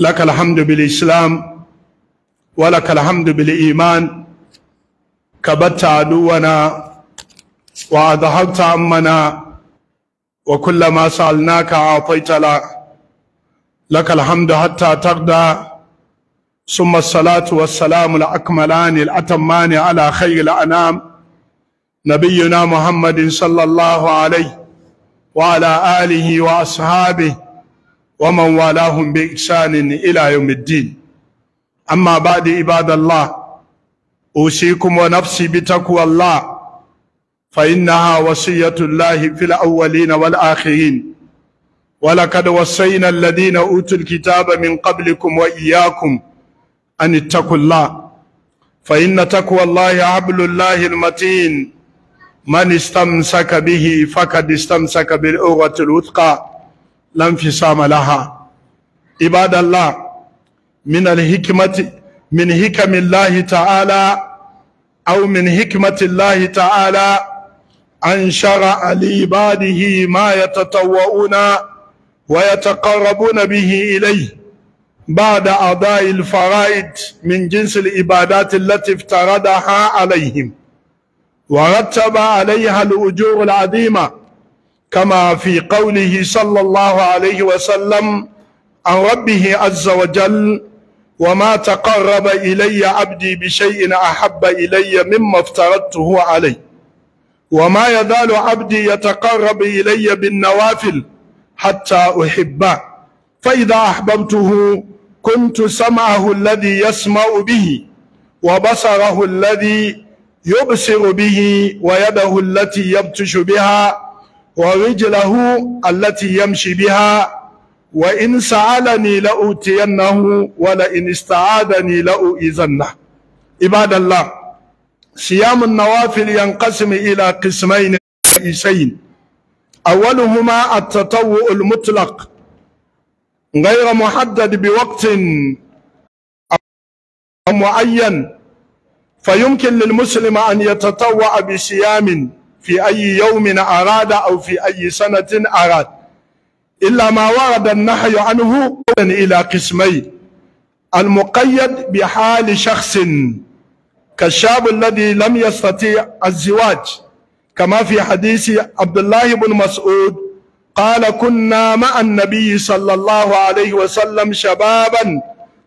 لك الحمد بالإسلام ولك الحمد بالإيمان كبت عدونا وأذهبت أمنا وكل ما سألناك أعطيت له لك الحمد حتى ترضى ثم الصلاة والسلام الأكملان الأتمان على خير الأنام نبينا محمد صلى الله عليه وعلى آله وأصحابه ومن والاهم بإحسان إلى يوم الدين أما بعد عباد الله أوصيكم ونفسي بتقوى الله فإنها وصية الله في الأولين والآخرين ولقد وصينا الذين أوتوا الكتاب من قبلكم وإياكم أن اتقوا الله فإن تقوى الله حبل الله المتين من استمسك به فقد استمسك بالعروة الوثقى لا انفصام لها عباد الله من الحكمة من حكم الله تعالى أو من حكمة الله تعالى أن شرع لعباده ما يتطوعون ويتقربون به إليه بعد أداء الفرائض من جنس العبادات التي افترضها عليهم ورتب عليها الأجور العظيمة كما في قوله صلى الله عليه وسلم عن ربه عز وجل وما تقرب إلي عبدي بشيء أحب إلي مما افترضته عليه وما يزال عبدي يتقرب إلي بالنوافل حتى أحبه فإذا أحببته كنت سمعه الذي يسمع به وبصره الذي يبصر به ويده التي يبتش بها ورجله التي يمشي بها وإن سألني لأوتينه ولئن استعاذني لأؤذنه عباد الله صيام النوافل ينقسم إلى قسمين رئيسين أولهما التطوع المطلق غير محدد بوقت معين فيمكن للمسلم أن يتطوع بصيام في أي يوم أراد أو في أي سنة أراد إلا ما ورد النحي عنه إلى قسمين المقيد بحال شخص كالشاب الذي لم يستطيع الزواج كما في حديث عبد الله بن مسعود قال كنا مع النبي صلى الله عليه وسلم شبابا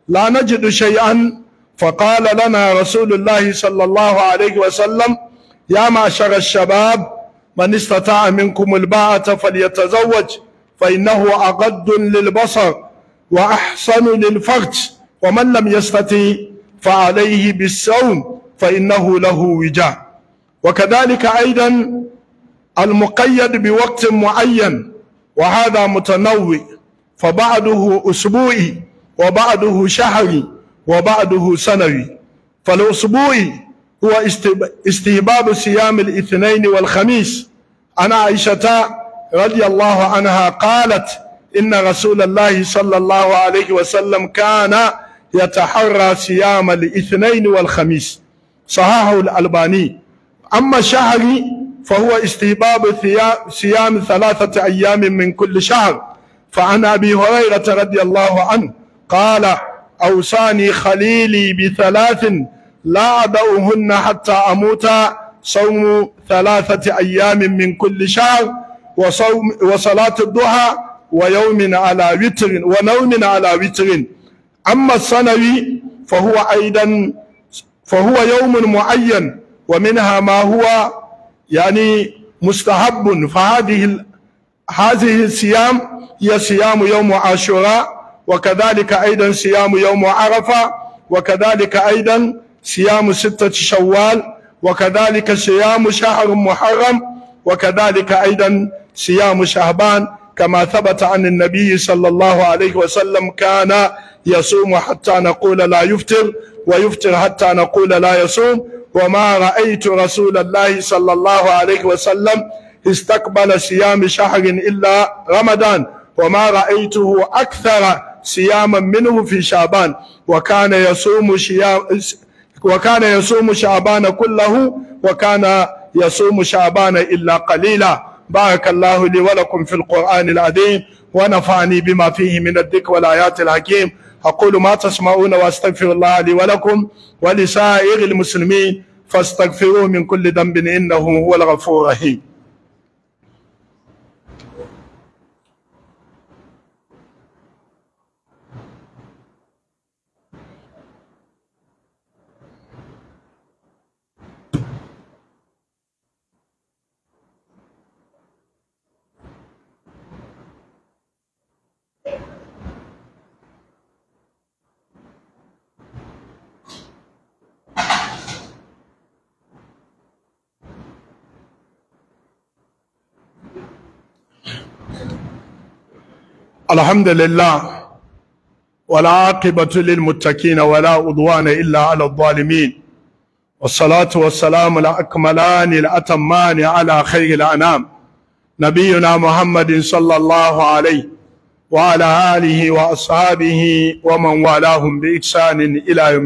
لا نجد شيئا فقال لنا رسول الله صلى الله عليه وسلم يا معشر الشباب من استطاع منكم الباءة فليتزوج فإنه أغض للبصر وأحسن للفرج ومن لم يستطع فعليه بالصوم فإنه له وجاء وكذلك أيضا المقيد بوقت معين وهذا متنوع فبعده أسبوعي وبعده شهري وبعده سنوي فالأسبوعي هو استهباب صيام الاثنين والخميس انا عائشة رضي الله عنها قالت إن رسول الله صلى الله عليه وسلم كان يتحرى صيام الاثنين والخميس صححه الألباني أما شهر فهو استهباب صيام ثلاثة أيام من كل شهر فعن أبي هريرة رضي الله عنه قال أوصاني خليلي بثلاث لا أدعوهن حتى أموت صوم ثلاثة أيام من كل شهر وصوم وصلاة الضحى ويوم على وتر ونوم على وتر أما السنوي فهو أيضا فهو يوم معين ومنها ما هو يعني مستحب فهذه هذه الصيام هي صيام يوم عاشوراء وكذلك أيضا صيام يوم عرفة وكذلك أيضا صيام ستة شوال وكذلك صيام شهر محرم وكذلك أيضا صيام شهبان كما ثبت عن النبي صلى الله عليه وسلم كان يصوم حتى نقول لا يفتر ويفتر حتى نقول لا يصوم وما رأيت رسول الله صلى الله عليه وسلم استقبل صيام شهر إلا رمضان وما رأيته أكثر صياما منه في شعبان وكان يصوم wa kana yasumu na kullahu wa kana yasumu na illa qalila barakallahu li wa lakum fil qur'anil azim wa nafa'ani bima fihi min hakim أقول ما تسمعون وأستغفر الله لي ولكم ولسائر المسلمين فاستغفروه من كل ذنب إنه هو الغفور الرحيم alhamdulillah wala aqibatu wala udwana illa ala adh-dhalimin nabiyyuna muhammadin sallallahu alayhi wa ala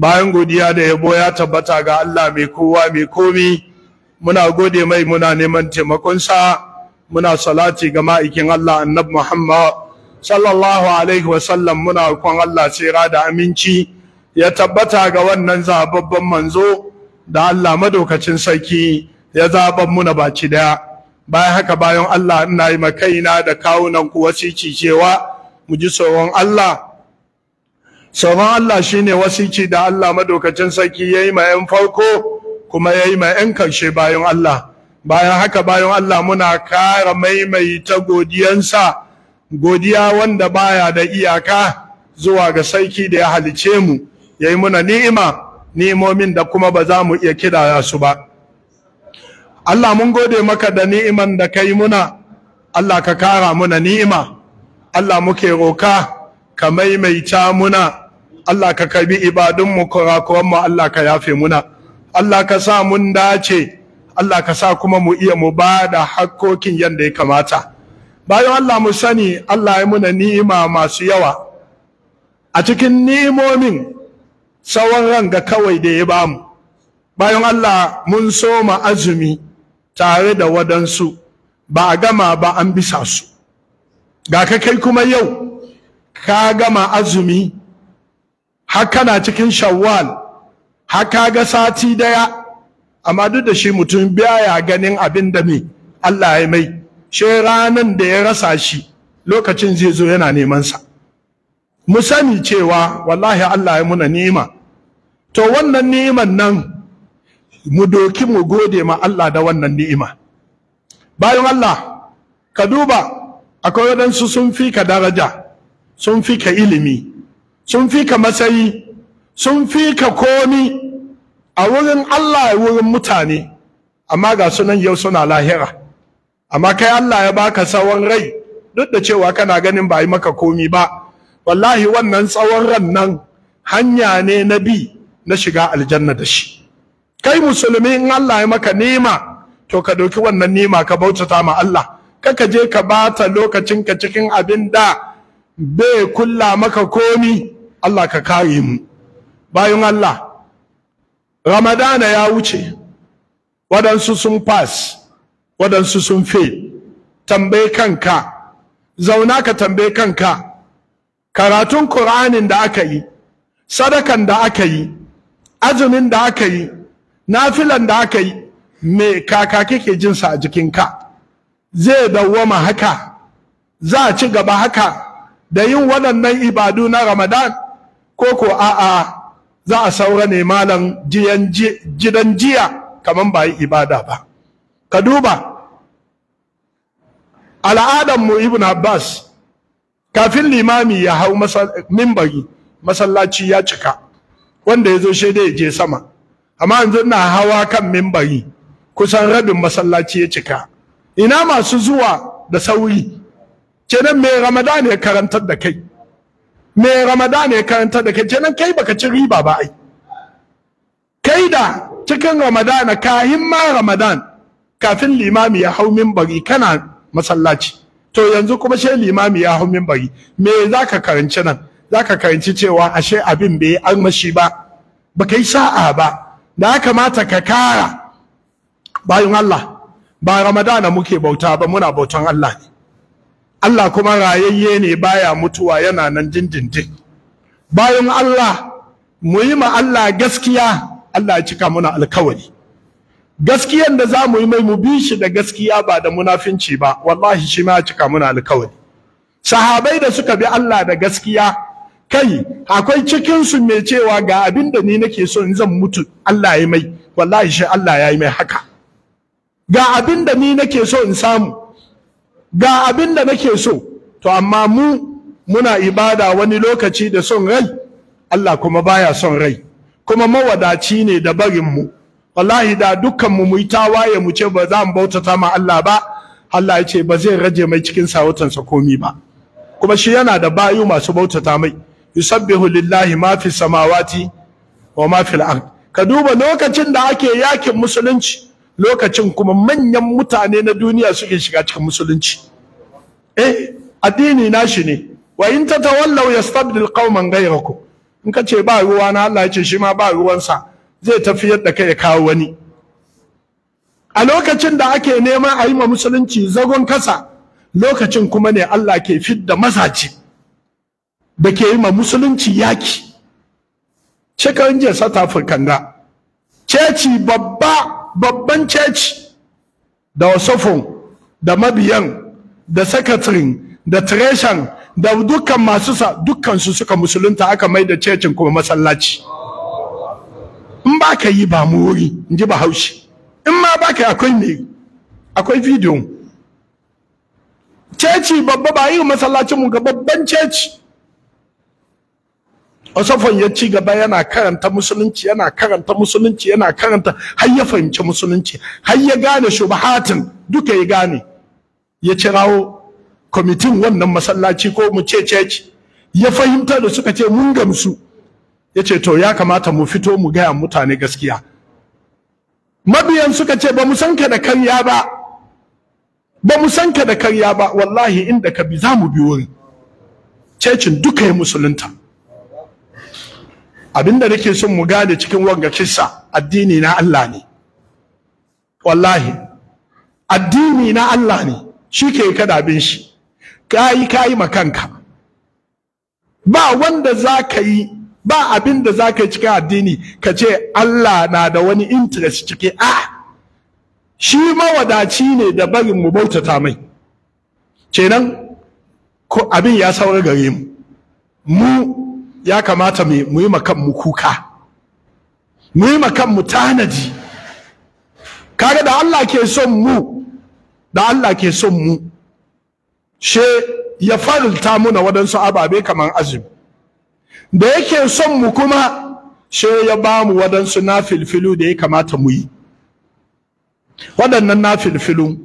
bayan godiya da yabo ya tabbata ga Allah mai kowa mai komi muna gode mai muna neman taimakon muna salati ga ma'aikin Allah annab Muhammad sallallahu alaihi wasallam muna kwan Allah tsira da aminci ya tabbata ga wannan zababban manzo da Allah madaukacin sarki ya zaban muna baci daya bayan haka bayan Allah ina yi makaina da kawunan ku wasici cewa mu ji tsoron Allah tsoron Allah shine wasici da Allah madaukacin sarki yayi ma yan farko kuma yayi ma yan karshe bayan Allah bayan haka bayan Allah muna kara maimaita godiyansa godiya wanda baya da iyaka zuwa ga sarki da ya halice mu yayi muna ni'ima ni'imomin da kuma ba za mu iya kidaya su ba Allah mun gode maka da ni'iman da kai muna Allah ka kara muna ni'ima Allah muke roka ka maimaita muna Allah ka kabi ibadunmu kurakuranmu Allah ka yafe muna Allah ka sa mun dace Allah ka sa kuma mu iya mu ba da hakkokin yadda ya kamata bayan Allah mu sani Allah ya muna ni'ima masu yawa a cikin ni'imomin tsawon ranga kawai da ya bamu bayan Allah mun soma azumi tare da wadansu ba a gama ba an bisa su ga ka kai kuma yau ka gama azumi har kana cikin shawwal har ka ga sati daya amma duk da shi mutum ya ganin abin da mai Allah ya mai shi ranan da ya rasa shi lokacin zai zo yana neman sa mu sani cewa wallahi Allah ya muna ni'ima to wannan niman nan mu doki mu gode ma Allah da wannan ni'ima bayan Allah ka duba akwai wadansu sun fi ka daraja sun fi ka ilimi sun fi ka matsayi sun fi ka komi a wurin Allah ya wurin mutane amma ga sunan yau suna lahira amma kai Allah ya baka tsawon rai duk da cewa kana ganin ba yi maka komi ba wallahi wannan tsawon ran nan hanya ne na bi na shiga aljanna da shi kai musulmi in Allah ya maka nema to ka ɗauki wannan nema ka bautata ma Allah kaka je ka bata lokacinka cikin abin da bai kulla maka komi Allah ka kare mu bayan Allah ramadana ya wuce waɗansu sun pass waɗansu sun fe, tambaye kanka zauna ka tambaye kanka karatun ƙur'anin da aka yi sadakan da aka yi azumin da aka yi nafilan da aka yi me kaka kike jinsa a jikinka zai dawwama haka za ci gaba haka da yin waɗannan ibadu na ramadan ko ko a'a za a saura ne malam gidan jiya kamar ba yi ibada ba ka duba al'adar mu ibn abbas kafin limami ya hau mimbari masallaci ya cika wanda ya zo shi dai je sama amma yanzu na hawa kan mimbari kusan rabin masallaci ya cika ina masu zuwa da sauri kenan mai ramadan ya karantar da kai me ramadan ya karanta da kai nan kai baka ci riba ba ai kai da cikin ramadan kahin ma ramadan kafin limami ya hau minbari kana masallaci to yanzu kuma shi limami ya hau minbari me zaka karanci nan zaka karanci cewa ashe abin bai armashi ba baka yi sa'a ba da kamata ka kara bayan Allah ba ramadan muke bauta ba muna bautan Allah ne Allah kuma rayayye ne baya mutuwa yana nan dindindin bayan Allah mu yi ma Allah gaskiya Allah ya cika muna alkawari gaskiyan da za mu yi mai mu bi shi da gaskiya ba da munafinci ba wallahi shi ma ya cika muna alkawari sahabai da suka bi Allah da gaskiya kai akwai cikin su mai cewa ga abin da ni nake so in zan mutu Allah ya mai wallahi shi Allah ya yi mai haka ga abin da ni nake so in samu ga abin da nake so to amma mu muna ibada wani lokaci da son rai Allah kuma baya son rai kuma mawadaci ne da barin mu wallahi da dukkan mu muyi tawaye mu ce ba za mu bautata ma Allah ba Allah ya ce ba zai rage mai cikin sawutansa komi ba kuma shi yana da bayu masu bautata mai yusabbihu lillahi ma fi samawati wa ma fil ard ka duba lokacin da ake yakin musulunci lokacin kuma manyan mutane na duniya suke shiga cikin musulunci eh addini nashi ne wa in ta tatawallaw yastabdil qauman ghayrakum in ka ce ba ruwa na Allah ya ce shi ma ba ruwansa zai tafi da kai ya kawo wani a lokacin da ake neman a yi ma musulunci zagon kasa lokacin kuma ne Allah ke fidda mazaje da ke yi ma musulunci yaki shekarun jiya south africa ga ceci babba babban church da wasofo da mabiyan da secretary da treasurer da dukkan masu sa dukkan su suka musulunta aka mai da cecin kuma masallaci in ba ka yi ba mu wuri in ji haushi in ma ba ka akwai ne akwai video ceci babba ba yi masallacin mu ga babban ceci Osofon ya ci gaba yana karanta musulunci yana karanta musulunci yana karanta har ya fahimci musulunci har ya gane shubahatin duka ya gane ya cirawo kwamitin wannan masallaci ko mu ce ceci ya fahimta da suka ce mun gamsu ya ce to ya kamata mu fito mu gaya mutane gaskiya mabiyan suka ce ba mu san ka da karya ba ba mu san ka da karya ba wallahi inda ka bi za mu bi wurin cecin duka ya musulunta abinda nake son mu gane cikin wanga kissa addini na Allah ne wallahi addini na Allah ne shi ke kada bin shi kai kayi makanka ba wanda zaka yi ba abin da za yi cikin addini ka ce Allah na da wani interest cike a shi mawadaci ne da barin mu bautata mai kenan ko abin ya saura gare mu mu ya kamata mu yi mu kuka mu yi mu tanaji kaga da Allah ke son mu da Allah ke son mu she ya farilta muna waɗansu ababe kamar azumi da yake son mu kuma she ya ba mu waɗansu na filfilu da ya kamata mu yi waɗannan na filfilu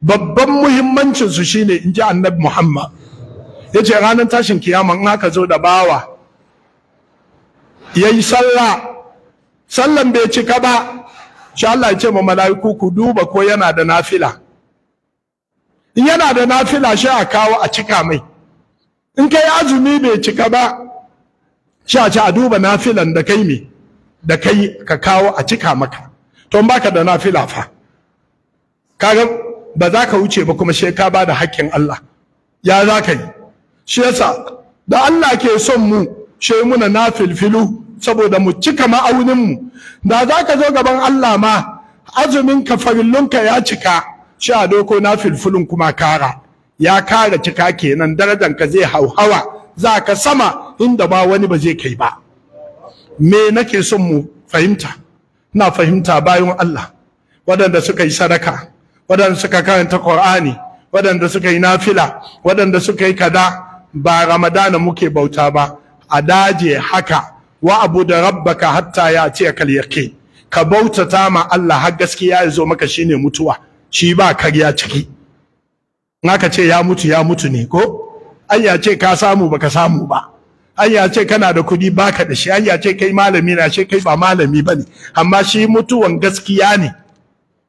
babban muhimmancinsu shine in ji annabi muhammad yace ce ranar tashin kiyama in aka zo da bawa ya yi sallah sallan bai cika ba shi Allah ya ce ma mala'iku ku duba ko yana da nafila in yana da nafila shi a kawo a cika mai in kai azumi bai cika ba shi a ci a duba nafilan da kai me da kai ka kawo a cika maka to in ka da nafila fa kaga ba za ka wuce ba kuma sheka ba da haƙƙin Allah ya za ka yi shi yasa da Allah ke son mu she muna na filfilu saboda mu cika ma'auninmu da za ka zo gaban Allah ma azumin ka farillunka ya cika sha doko na filfilun kuma kara ya kara cika kenan darajar ka zai hauhawa za ka sama inda ba wani ba zai kai ba me nake son mu fahimta na fahimta bayan Allah waɗanda suka yi sadaka waɗanda suka karanta Qur'ani waɗanda suka yi nafila waɗanda suka yi kada ba Ramadana muke bauta ba a daje haka wa abu da rabbaka hatta ya ce kal yake ka bautata ma Allah har gaskiya ya zo maka shine mutuwa shi ba karya ciki naka ce ya mutu ya mutu ne ko an ya ce ka samu baka samu ba an ya ce kana da kuɗi baka da shi an ya ce kai malami na she kai ba malami bane amma shi mutuwan gaskiya ne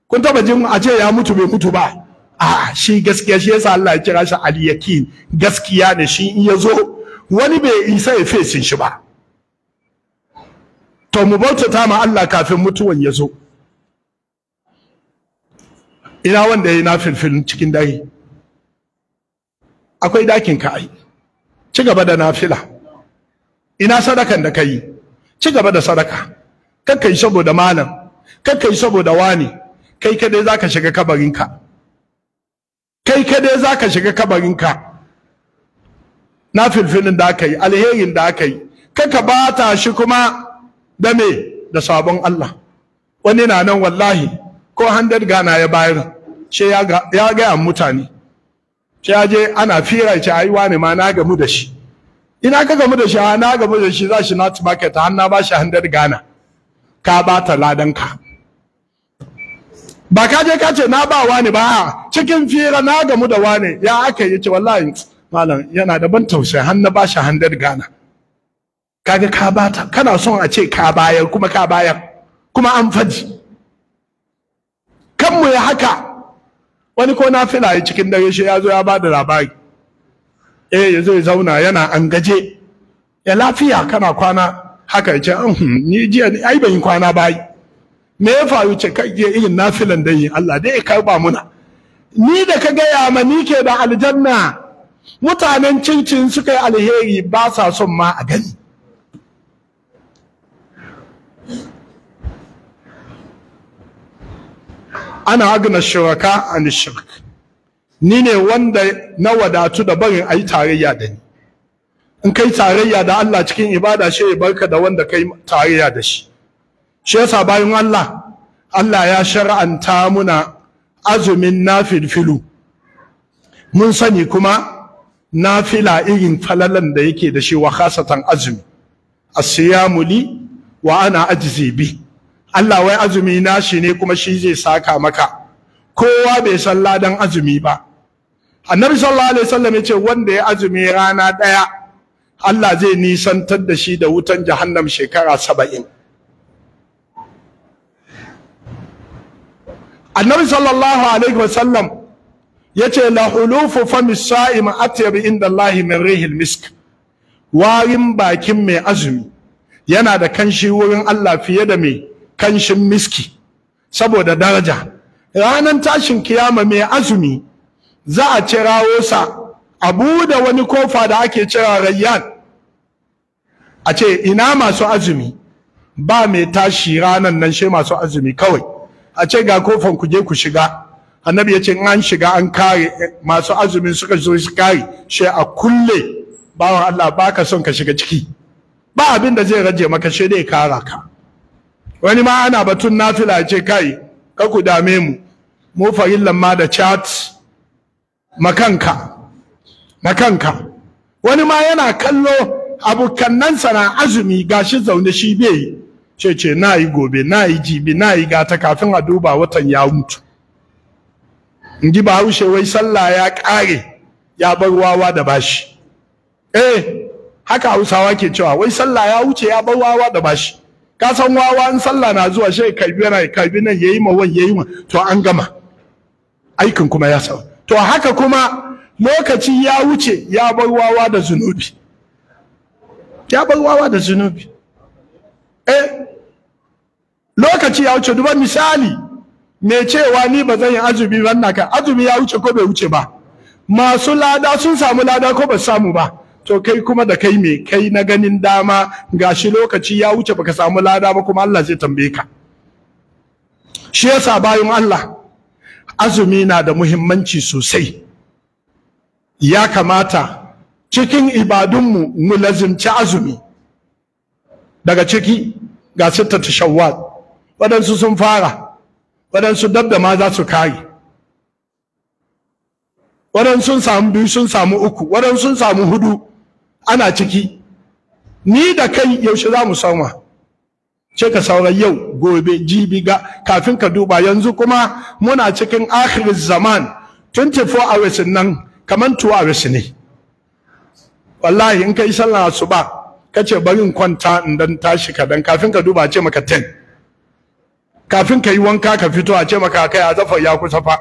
kun taba jin a ce ya mutu bai mutu ba a shi gaskiya shi yasa Allah ya kira shi al-yaqin gaskiya ne shi in ya zo wani bai isa ya fesin shi ba to mu bautata ma Allah kafin mutuwan ya zo ina wanda ya yi na filfilin cikin dare akwai dakin ka ai ci gaba da nafila ina sadakan da ka yi ci gaba da sadaka kan ka yi saboda malam kan ka yi saboda wani kai kadai za ka shiga ka kai kadai za ka shiga kabarinka na filfilin da aka yi alherin da aka yi kaka ta shi kuma da me da sabon Allah wani na nan wallahi ko handar gana ya bayar ce ya gaya mutane ce ya je ana fira ce ayi wani ma na gamu da shi ina ka gamu da shi a ah, na gamu da shi za shi not market har na ba shi handar gana ka ba ta ladanka ba ka je ka ce na ba wani ba cikin fira na gamu da wani ya aka yi ce wallahi malam yana da ban tausayi har na shi handar gana kaga ka bata kana son a ce ka bayar kuma ka bayar kuma an faji kanmu ya haka wani ko na filaye cikin dare shi ya zo ya ba da labari eh ya ya zauna yana an gaje ya lafiya kana kwana haka ya ce uhm, ni jiya ai ban kwana bayi me ya faru ce kai irin nafilan dan yi Allah dai ya karba muna ni da ka gaya ma ni ke da aljanna mutanen cincin suka yi alheri ba sa son ma a gani ana agna shiraka an shirk ni ne wanda na wadatu da barin a yi tarayya da ni in kai tarayya da Allah cikin ibada shi ya barka da wanda kai tarayya da shi shi yasa bayan Allah Allah ya shar'anta muna azumin na filfilu mun sani kuma nafila irin falalan da yake da shi wa khasatan azumi asiyamu li wa ana ajzi bi Allah wai azumi na shi ne kuma shi zai saka maka kowa bai san ladan azumi ba annabi sallallahu alaihi wasallam yace wanda ya azumi rana daya Allah zai nisantar da shi da wutan jahannam shekara saba'in annabi sallallahu alaihi wasallam yace la hulufu fami sa'im atyab inda Allah min rihil misk warin bakin mai azumi yana da kanshi wurin Allah fiye da mai kanshin miski saboda daraja ranan tashin kiyama mai azumi za a cirawo sa a da wani kofa da ake cira rayyan a ce ina masu azumi ba mai tashi ranan nan shi masu azumi kawai a ce ga kofan ku je ku shiga annabi ya ce an shiga an kare masu azumin suka zo su kare shi a kulle bawan Allah baka son ka shiga ciki ba abin da zai raje maka shi dai kara ka wani ma ana batun nafila ce kai ka ku dame mu mu farillan ma da chat makanka makanka wani ma yana kallo kanansa na azumi gashi zaune shi bai ce ce na yi gobe na yi jibi na yi gata kafin a duba watan ya mutu in ji bahaushe wai sallah ya ƙare ya bar wawa da bashi eh haka hausawa ke cewa wai sallah ya wuce ya bar wawa da bashi ka san wawa in sallah na zuwa shi kalbi yana kalbi nan yayi ma wani yayi ma to an gama aikin kuma ya sa to haka kuma lokaci ya wuce ya bar wawa da zunubi ya bar wawa da zunubi eh lokaci ya wuce duba misali me cewa ni ba zan yi azumi ba na kan azumi ya wuce ko bai wuce ba masu lada sun samu lada ko ba samu ba to kai kuma da kai me kai na ganin dama gashi lokaci ya wuce baka samu lada ba kuma Allah zai tambaye ka shi yasa bayan Allah azumi na da muhimmanci sosai ya kamata cikin ibadunmu mu lazimci azumi daga ciki ga sittatu shawwal waɗansu sun fara waɗansu dab da ma za su kare waɗansu sun samu biyu sun samu uku waɗansu sun samu hudu ana ciki ni da kai yaushe za mu sauma ce ka sauran yau gobe jibi ga kafin ka duba yanzu kuma muna cikin akhirin zaman 24 hours nan kamar 2 hours ne wallahi in ka yi sallah asuba ka ce bari kwanta in tashi kadan kafin ka duba ce maka 10 kafin ka yi wanka ka fito a ce maka kai azafa ya kusa fa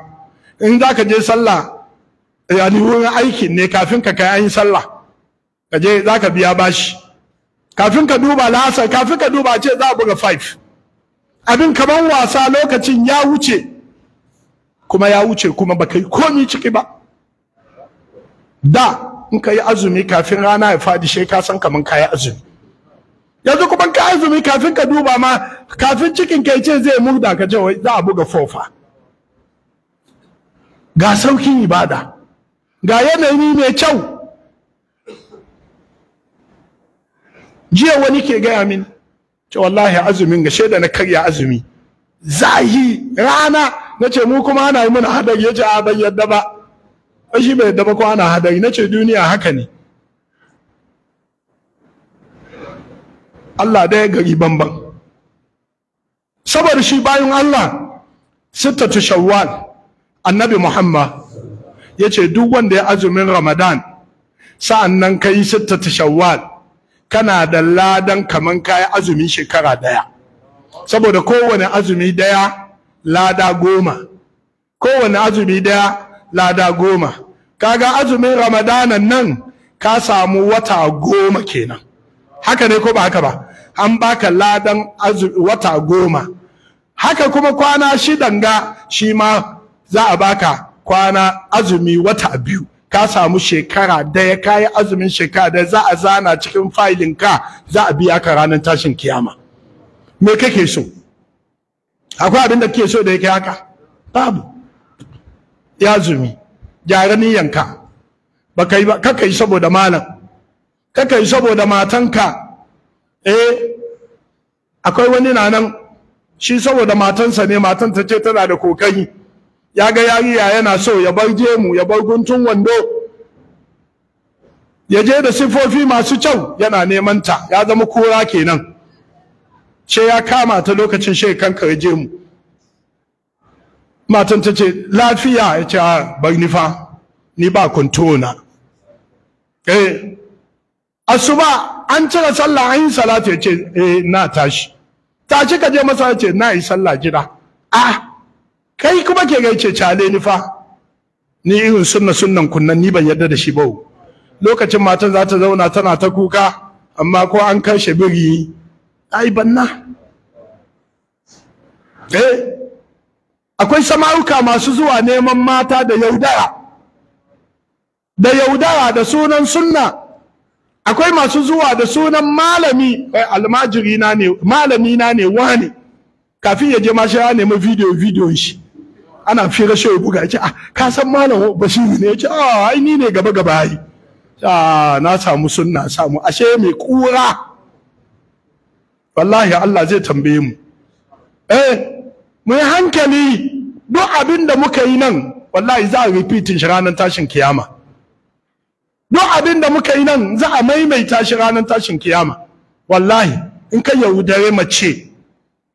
in za ka je sallah yani wurin aiki ne kafin ka kai an yi sallah ka je za ka biya bashi kafin ka duba lasar kafin ka duba ce za a buga 5 abin kaman wasa lokacin ya wuce kuma ya wuce kuma baka yi komi ciki ba da in ka yi azumi kafin rana ya fadi sai ka san kaman ka yi azumi yanzu kuma ka azumi kafin ka duba ma kafin cikin kai ce zai murda ka ce wai za a buga fofa ga saukin ibada ga yanayi mai kyau jiya wani ke gaya min ce wallahi azumin ga shaida na karya azumi zahi rana na ce mu kuma ana yi mana hadari ya ce a bai yadda ba shi bai yadda ba ko ana hadari na ce duniya haka ne Allah ɗaya gari banban saboda shi bayan Allah sittatu shawwal annabi Muhammad ya ce duk wanda ya azumin Ramadan sa'an nan ka yi sittatu shawwal kana da ladan kaman yi azumin shekara daya saboda kowane azumi ɗaya lada goma kowane azumi ɗaya lada goma kaga azumin Ramadanan nan ka samu wata goma kenan haka ne ko ba haka ba an baka ladan wata goma haka kuma kwana shidan ga shi ma za a baka kwana azumi wata biyu ka samu shekara daya kayi azumin shekara da za a zana cikin failin ka za a biya ka ranar tashin kiyama me kake so akwai abin da kake so da yake haka babu ya zumi gyara yanka. ba kai ba kakai saboda malam kakai saboda matanka eh akwai wani na nan shi saboda matansa ne matan ta ce tana da kokari ya ga yariya yana so ya bar gemu ya bar guntun wando ya je da sifofi masu kyau yana neman ta ya zama kura kenan ce ya kama ta lokacin shi kare gemu matan ta ce lafiya ya ce ah, bar ni fa ni ba kuntuna eh asuba an cire sallah an yi salatu ya ce eh na tashi tashi ka je masa ce na yi sallah gida a ah, kai kuma ke gaice cale ni fa ni irin sunna sunnan kunnan ni ban yadda da shi ba lokacin matan za ta zauna tana ta kuka amma ko an kashe biri ai banna eh, akwai sama'uka masu zuwa neman mata da yaudara da yaudara da sunan sunna akwai masu zuwa da sunan malami eh, almajiri na ne malami na ne wani kafin ya je ma ya nemi video video shi ana fira shi buga ce ah ka san malam basiru ne ce ah ni ne gaba gaba ai ah na samu sunna samu ashe mai kura wallahi Allah zai tambaye mu eh mu hankali duk abin da muka yi nan wallahi za a repeat shi ranar tashin kiyama duk abin da muka yi nan za a maimaita shi ranar tashin kiyama wallahi in ka yaudare mace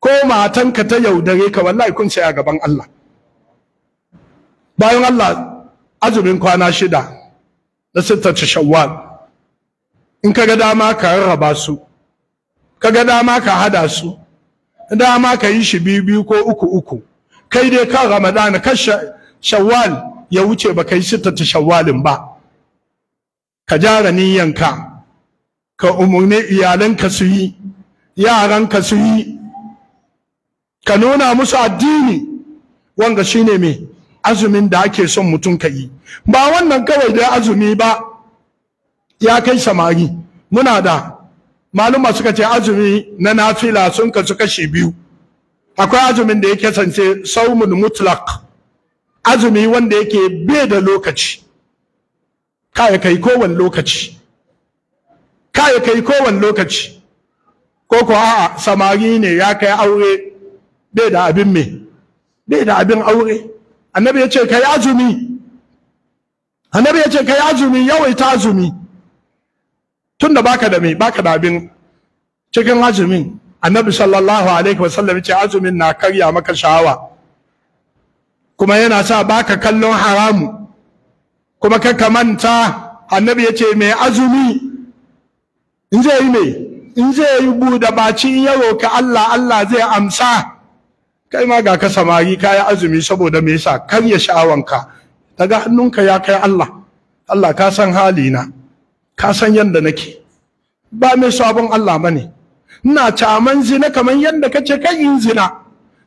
ko matanka ta yaudare ka wallahi kun sai a gaban Allah bayan Allah azumin kwana shida da ta shawwal in ka ga dama ka rarraba su ka ga dama ka hada su dama ka yi shi biyu biyu ko uku uku kai dai kan ramadana kan shawwal ya wuce ba kai ta shawwalin ba ka jara niyyanka ka umarni iyalanka su yi yaranka su yi ka nuna musu addini wanga shine mai azumin da ake son mutum ka yi ba wannan kawai da azumi ba ya kai samari muna da maluma suka ce azumi na nafila sun kasu kashi biyu akwai azumin da yake sance saumun mutlak azumi wanda yake bai da lokaci kaya kai kowane lokaci kaya kai kowane lokaci ko ko a'a samari ne ya kai aure bai da abin me bai da abin aure annabi ya ce kai azumi annabi ya ce kai azumi yawaita azumi tunda baka da me baka da abin cikin azumin annabi sallallahu alaihi wa sallam ce azumin na karya maka sha'awa kuma yana sa baka kallon haramu kuma ka manta annabi ya ce mai azumi in zai yi mai in zai yi buɗe baci in ya ka Allah Allah zai amsa kai ma ga ka samari ka yi azumi saboda me yasa kan ya sha'awanka daga hannunka ya kai Allah Allah ka san halina ka san yadda nake ba mai sabon Allah bane ina caman zina kamar yadda kace kan yin zina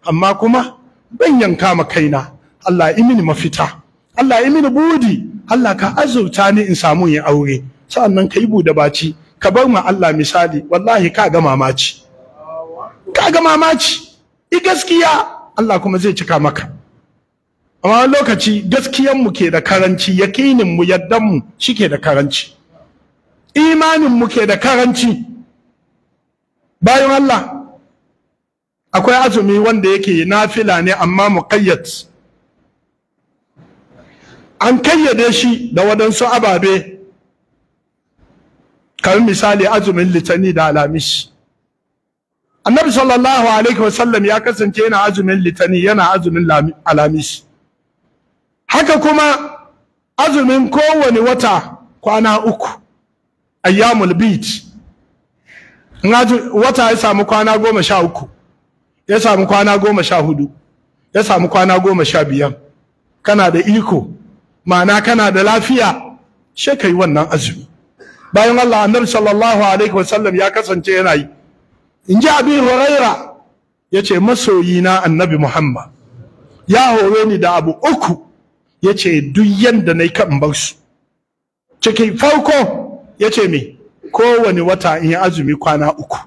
amma kuma ban yanka ma kaina Allah imini mafita Allah yi mini budi Allah ka azurta ni in samu yin aure sa'annan ka yi bude baci ka bar ma Allah misali wallahi ka ga mamaci ka ga mamaci i gaskiya Allah kuma zai cika maka amma lokaci gaskiyan mu ke da karanci yakinin mu yaddan mu shike da karanci imanin mu ke da karanci bayan Allah akwai azumi wanda yake nafila ne amma muqayyad an kayyade shi da waɗansu ababe kamar misali azumin litani da alamis annabi sallallahu alaihi wasallam ya kasance yana azumin litani yana azumin alamis haka kuma azumin kowane wata kwana uku ayyamul bid wata ya samu kwana goma sha uku ya samu kwana goma sha hudu ya samu kwana goma sha biyar kana da iko ma'ana kana da lafiya she kai wannan azumi bayan Allah annabi sallallahu alaihi wasallam ya kasance yana yi in ji abi huraira yace ce masoyina annabi muhammad ya hore ni da abu uku yace duk yadda nayi kan bar su ciki farko ya ce me kowane wata in yi azumi kwana uku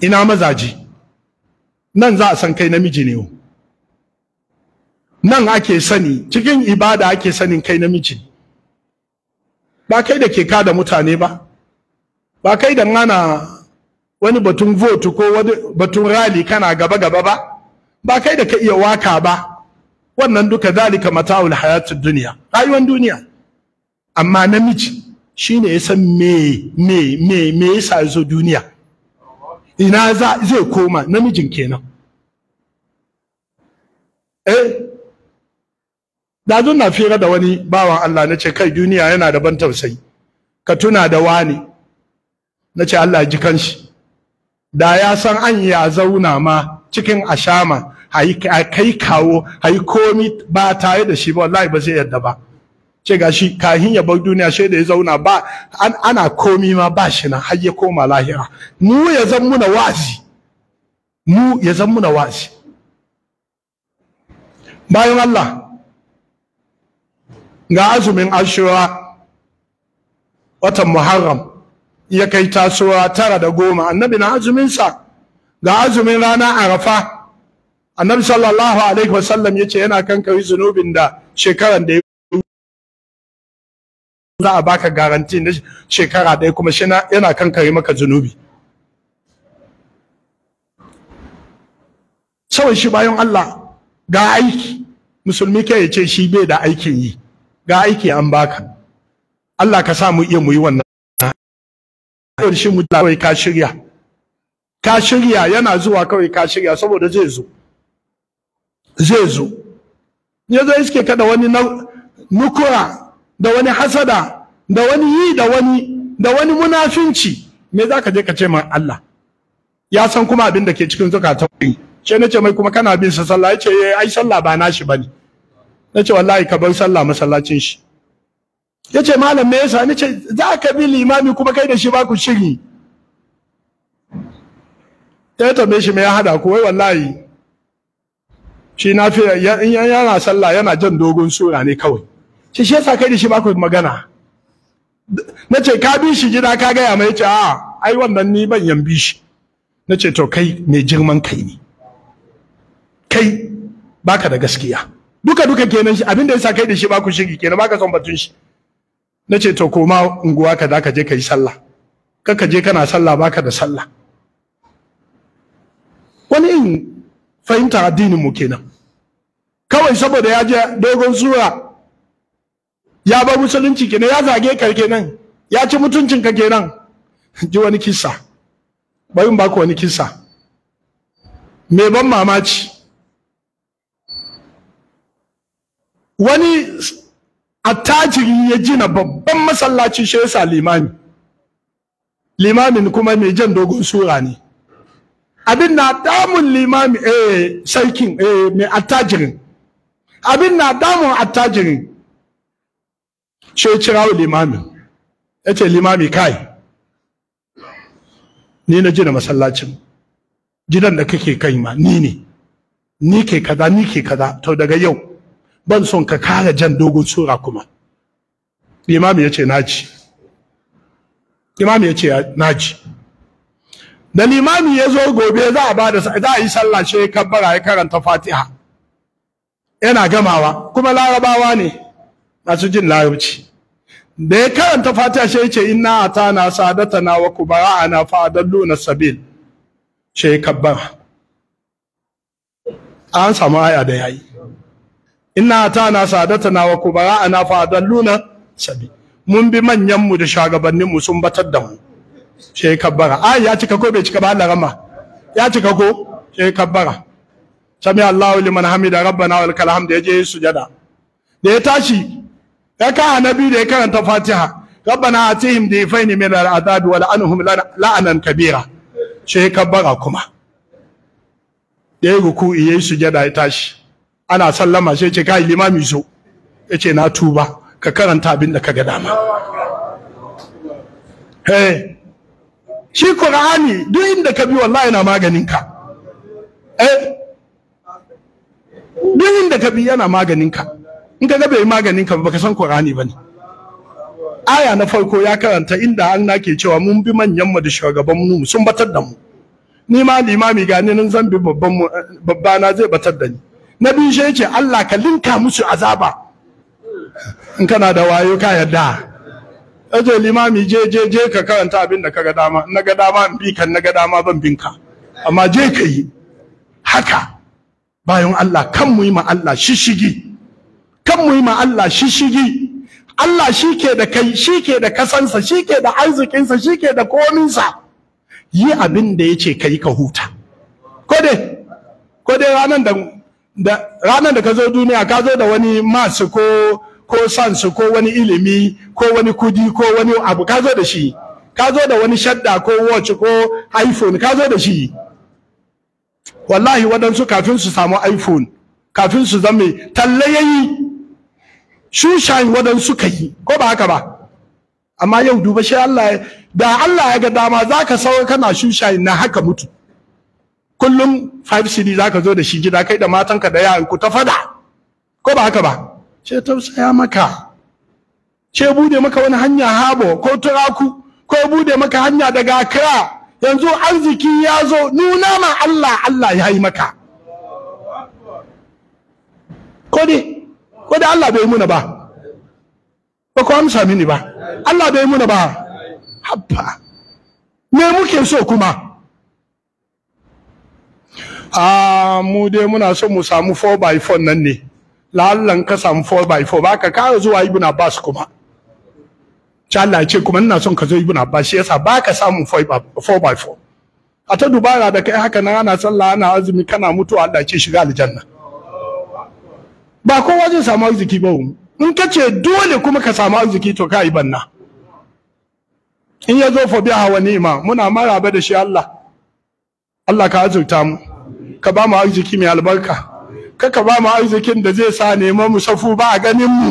ina mazaji nan za a san kai namiji ne nan ake sani cikin ibada ake sanin kai namiji ba kai da ke kada mutane ba ba kai da ana wani batun vote ko wani batun rali kana gaba gaba ba ba kai da ka iya waka ba wannan duka zalika mata'ul hayatud duniya rayuwar duniya amma namiji shine ya san me me me me yasa zo duniya ina za zai koma namijin kenan eh dazun na fira da wani bawan Allah na ce kai duniya yana da ban tausayi ka tuna da wani na ce Allah ji kanshi da ya san an ya zauna ma cikin ashama a kai kawo hayi komi ba tare da shi ba wallahi ba zai yadda ba ce ga shi kahin ya bar duniya shi da ya zauna ba ana komi ma ba shi na har ya koma lahira mu ya zan muna wazi mu ya zan muna wazi bayan Allah ga azumin ashura watan muharram ya kai tasowa tara da goma annabi na azuminsa ga azumin rana arafa annabi sallallahu alaihi wasallam ya ce yana kari zunubin da shekaran da za a baka garanti na shekara ɗaya kuma shi yana kan kankare maka zunubi saboda shi bayan Allah ga aiki musulmi kai ya ce shi bai da aikin yi ga aiki an baka Allah ka sa mu iya mu yi wannan shi mu kawai ka shirya ka shirya yana zuwa kawai ka shirya saboda zai zo zai zo ya zai iske ka da wani nukura da wani hasada da wani yi da wani da wani munafinci me za ka je ka ce ma Allah ya san kuma abin da ke cikin zukatan ce na ce mai kuma kana bin sa sallah ya ce eh, ai sallah ba nashi bane na ce wallahi ka bar sallah masallacin shi yace ce malam me yasa ni za ka bi limami kuma kai da shi ba ku shiri ya tambaye shi me ya hada ku wai wallahi shi na fi in yana sallah yana jan dogon sura ne kawai shi shi yasa kai da shi ba ku magana na ka bi shi gida ka gaya mai ce a ai wannan ni ban yambi shi na to kai mai girman kai ne kai baka da gaskiya duka duka kenan shi abinda yasa kai da shi ba ku shigi kenan ba ka son batun shi nace to koma unguwa ka da ka je kai sallah kaka je kana sallah baka da sallah wani in fahimta addinin mu kenan kawai saboda ya je dogon sura ya ba musulunci kenan ya zage ka kenan ya ci mutuncin ka kenan ji wani kisa bayin baku wani kisa me ban mamaci wani attajin ya gina babban masallaci shi yasa limami limamin kuma mai jan dogon sura ne abin na damun limami eh sarkin eh mai attajirin abin na damun attajirin shi ya kira limamin ya ce limami kai ni na gina masallacin gidan da kake kai ma ni ne ni ke kaza ni ke kaza to daga yau ban son ka kara jan dogon sura kuma imam ya ce naji imam ya ce naji da limami ya zo gobe za a ba da za a yi sallah shi ya kabbara ya karanta fatiha yana gamawa kuma larabawa ne masu jin larabci da ya karanta fatiha shi ya ce inna atana sadatana wa kubara ana fa adalluna sabil shi ya kabbara an samu aya da yayi inna ta na sadata na wa kubara ana luna sabi mun bi manyan mu da shagabannin mu sun batar da mu she kabbara ai ya cika ko bai cika ba Allah rama ya cika ko she kabbara sami Allahu liman hamida rabbana wal kalham ya yaje sujada da ya tashi ya ka annabi da ya karanta Fatiha rabbana atihim difain min al-adab wa la'anhum la'anan kabira she kabbara kuma da ya ruku yayi sujada ya tashi ana sallama sai ce kai limami so yace na tuba ka karanta abin da ka ga dama hey. Eh, shi Qur'ani duk inda ka bi wallahi yana maganin ka eh duk inda ka bi yana maganin ka in ka ga bai maganin ka baka san Qur'ani bane aya na farko ya karanta inda an nake cewa mun bi manyan mu da shugaban mu sun batar da mu ni ma limami ga ni nan zan bi babban mu eh, babbana zai batar da ni na biyu shi yake Allah ka linka musu azaba in kana da wayo ka yadda aje limami je je je ka karanta abin da kaga dama na ga dama in bi kan na ga dama ban bin ka amma je ka yi haka bayan Allah kan mu yi ma Allah shishigi kan mu yi ma Allah shishigi Allah shi ke da kai shi ke da kasansa shi ke da arzikinsa shi ke da kominsa yi abin da yace kai ka yi ka huta ko dai ko dai ranar da da ranar da ka zo duniya ka zo da wani masu ko ko sansu ko wani ilimi ko wani kudi ko wani abu ka zo da shi ka zo da wani shadda ko watch ko iphone ka zo da shi wallahi waɗansu kafin su samu iphone kafin su zame talle yayi shushayin waɗansu ka yi ko ba haka ba amma yau duba shi Allah da Allah ya ga dama za ka sauka kana shushayin na haka mutu kullum 5 cd zaka zo da shi gida kai da matanka da yaran ku ta fada ko ba haka ba ce tausaya maka ce bude maka wani hanya habo ko turaku ko bude maka hanya daga Kira yanzu arziki ya zo nuna ma Allah Allah ya yi maka ko dai ko dai Allah bai muna ba ba ku amsa mini ba Allah bai muna ba habba me muke so kuma a ah, mu dai muna so mu samu 4 by 4 nan ne lallan ka samu 4 by 4 ba ka kara zuwa ibn abbas kuma ci Allah ce kuma ina son ka zo ibn abbas shi yasa ba ka samu 4 by 4 a ta dubara da kai haka nan ana sallah ana azumi kana mutuwa Allah ce shiga aljanna ba kowa zai samu arziki ba in ka ce dole kuma ka samu arziki to ka yi banna in ya zo fa biya wani ma muna maraba da shi Allah Allah ka azurta mu ka ba mu arziki mai albarka Ka ba mu arzikin da zai sa neman mu safu ba a ganin mu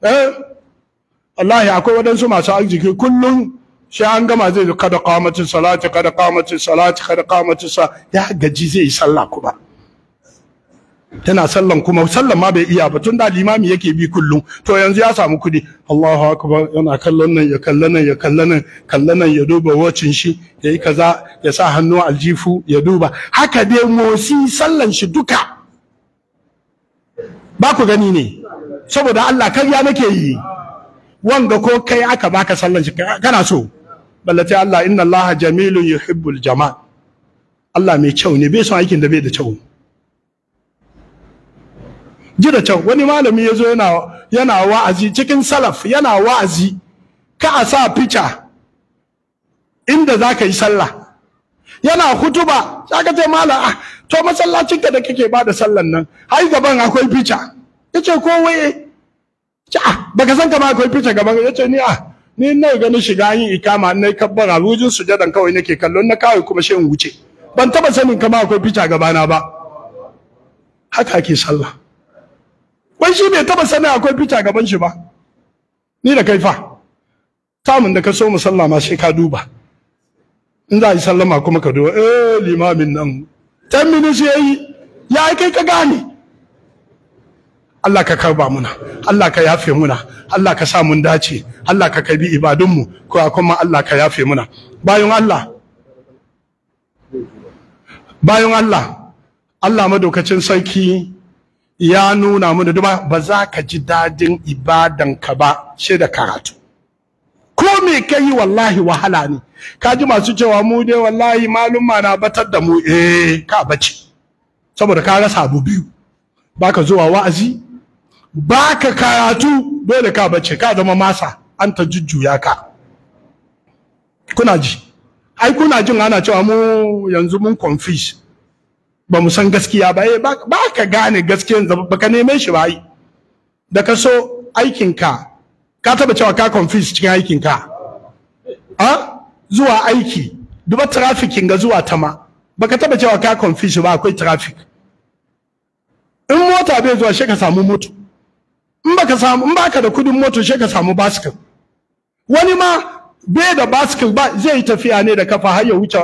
eh wallahi akwai waɗansu masu arziki kullum Shi an gama zai kada kamacin salati kada kamacin salati kada kamacin sa ya gaji zai yi sallah kuma Tana sallan kuma sallan ma bai iya ba tun da limami yake bi kullum to yanzu ya samu kudi Allahu akbar yana kallon nan ya kalla nan ya kalla nan kalla nan ya duba wacin shi yayi kaza ya sa hannu aljifu ya duba haka dai motsi sallan shi duka ba ku gani ne saboda Allah karya nake yi wanga ko kai aka baka sallan shi kana so ballate Allah inna Allah jamilun yuhibbul jamal Allah mai kyau ne bai son aikin da bai da kyau ji da can wani malami ya zo yana wa'azi cikin salaf yana wa'azi ka a sa fica inda za ka yi sallah yana hutuba za ka ce mala ah, to masallacin da kake bada da sallan nan ai gaban akwai fica ya ce ko waye a ah, baka san kama akwai fica gaban ya ce ni a ah, ni na gani shiga yin ikama na kabbara su sujadan kawai nake kallon na kawai kuma shi in wuce ban taba sanin kama akwai fica gabana ba haka ake sallah wai shi bai taba sanin akwai fita gaban shi ba ni da kai fa samun da ka so musalla ma sai ka duba in za a yi sallama kuma ka duba eh limamin nan ten minutes ya yi ya kai ka gane Allah ka karba muna Allah ka yafe muna Allah ka sa mun dace Allah ka kai bi mu ko kuma Allah ka yafe muna bayan Allah bayan Allah Allah madaukacin sarki ya nuna mana duba ba za ka ji dadin ibadanka ba sai da karatu ko me ka yi wallahi wahala ne ka ji masu cewa mu dai wallahi maluma na batar da mu eh ka bace saboda ka rasa abu biyu baka zuwa wa'azi baka karatu dole ka bace ka zama masa an ta jujjuya ka kuna ji ai kuna jin ana cewa mu yanzu mun confuse ba mu san gaskiya ba eh, ba ka gane gaskiyan zaba ba ka neman shi ba da ka so aikinka ka taba cewa ka confuse cikin aikinka a zuwa aiki duba trafficking ga zuwa tama baka taba cewa ka confuse ba akwai traffic in mota bai zuwa shi ka samu moto in baka samu in baka da kudin moto shi ka samu basket wani ma bai da basket ba zai tafiya ne da kafa har ya wuce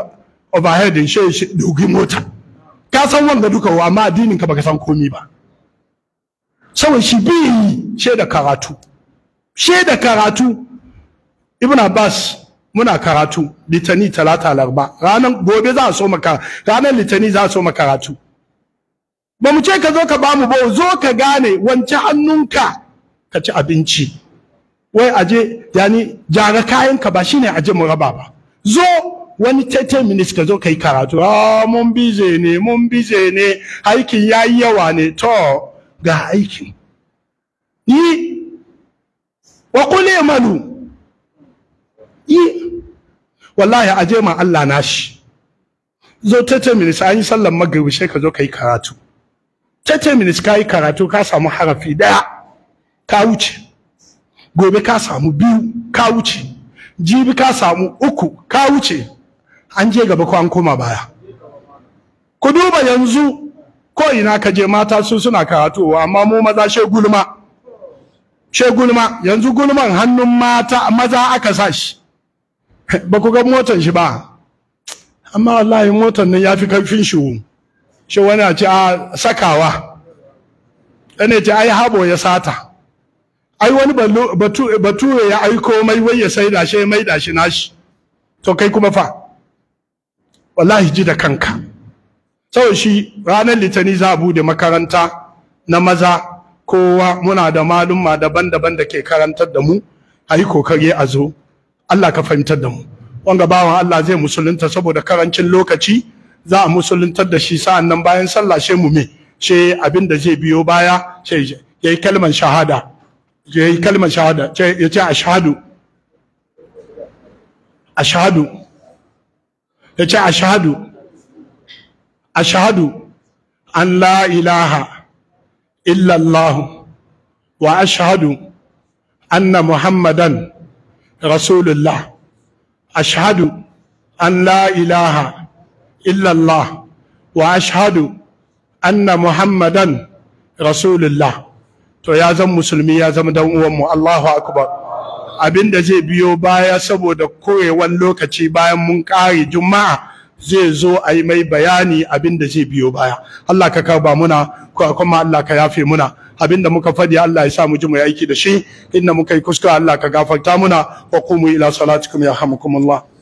overhead shi dogi mota ka san wanga duka wa amma addinin ka baka san komi ba saboda shi bi she da karatu she da karatu ibn abbas muna karatu litani talata larba ranan gobe za a so maka ranan litani za a so maka karatu ba mu ce ka zo ka bamu ba zo ka gane wance hannunka ka ci abinci wai aje yani jara kayanka ba shine aje mu raba ba zo wani tete minis ka zo ka yi karatu a ah, mun bize ne mun bize ne aikin ya yi yawa ne to ga aikin yi wa kule malu yi wallahi a je ma Allah nashi zo tete minis an yi sallan magribi sai ka zo ka yi karatu Tete-minis ka yi karatu ka samu harafi daya ka wuce gobe ka samu biyu ka wuce jibi ka samu uku ka wuce an je gaba ko an koma baya ku duba yanzu ko ina ka je mata su suna karatuwa amma mu maza she gulma she gulma yanzu gulman hannun mata maza aka sa shi ba ku ga motan shi ba amma wallahi motan nan ya fi karfin shi shi wani a ce a sakawa ɗane ce ai habo ya sata ai wani batu ya aiko mai wai ya sai da shi mai da shi nashi to kai kuma fa wallahi ji da kanka sau shi ranar litani za a bude makaranta na maza kowa muna da malumma daban-daban da ke karantar da mu a yi kokare a zo Allah ka fahimtar da mu wanga bawan Allah zai musulunta saboda karancin lokaci za a musuluntar da shi sa'an nan bayan sallah mu me She abin da zai biyo baya She ya yi kalmar shahada ya yi kalmar shahada ya ce ashhadu ashhadu ya ce ashahadu ashahadu an la ilaha illallahu wa a ashahadu anna muhammadan rasulullah shahadu an la ilaha illallah wa a ashahadu anna muhammadan rasulullah to ya zan musulmi ya zama dan uwanmu allahu akbar abin da zai biyo baya saboda korewan lokaci bayan mun kare juma'a zai zo a yi mai bayani abin da zai biyo baya Allah ka karba muna kuma Allah ka yafe muna abin da muka faɗi Allah ya sa mu ji mu aiki da shi inda muka yi kuskure Allah ka gafarta muna wa qumu ila salatikum yarhamukumullah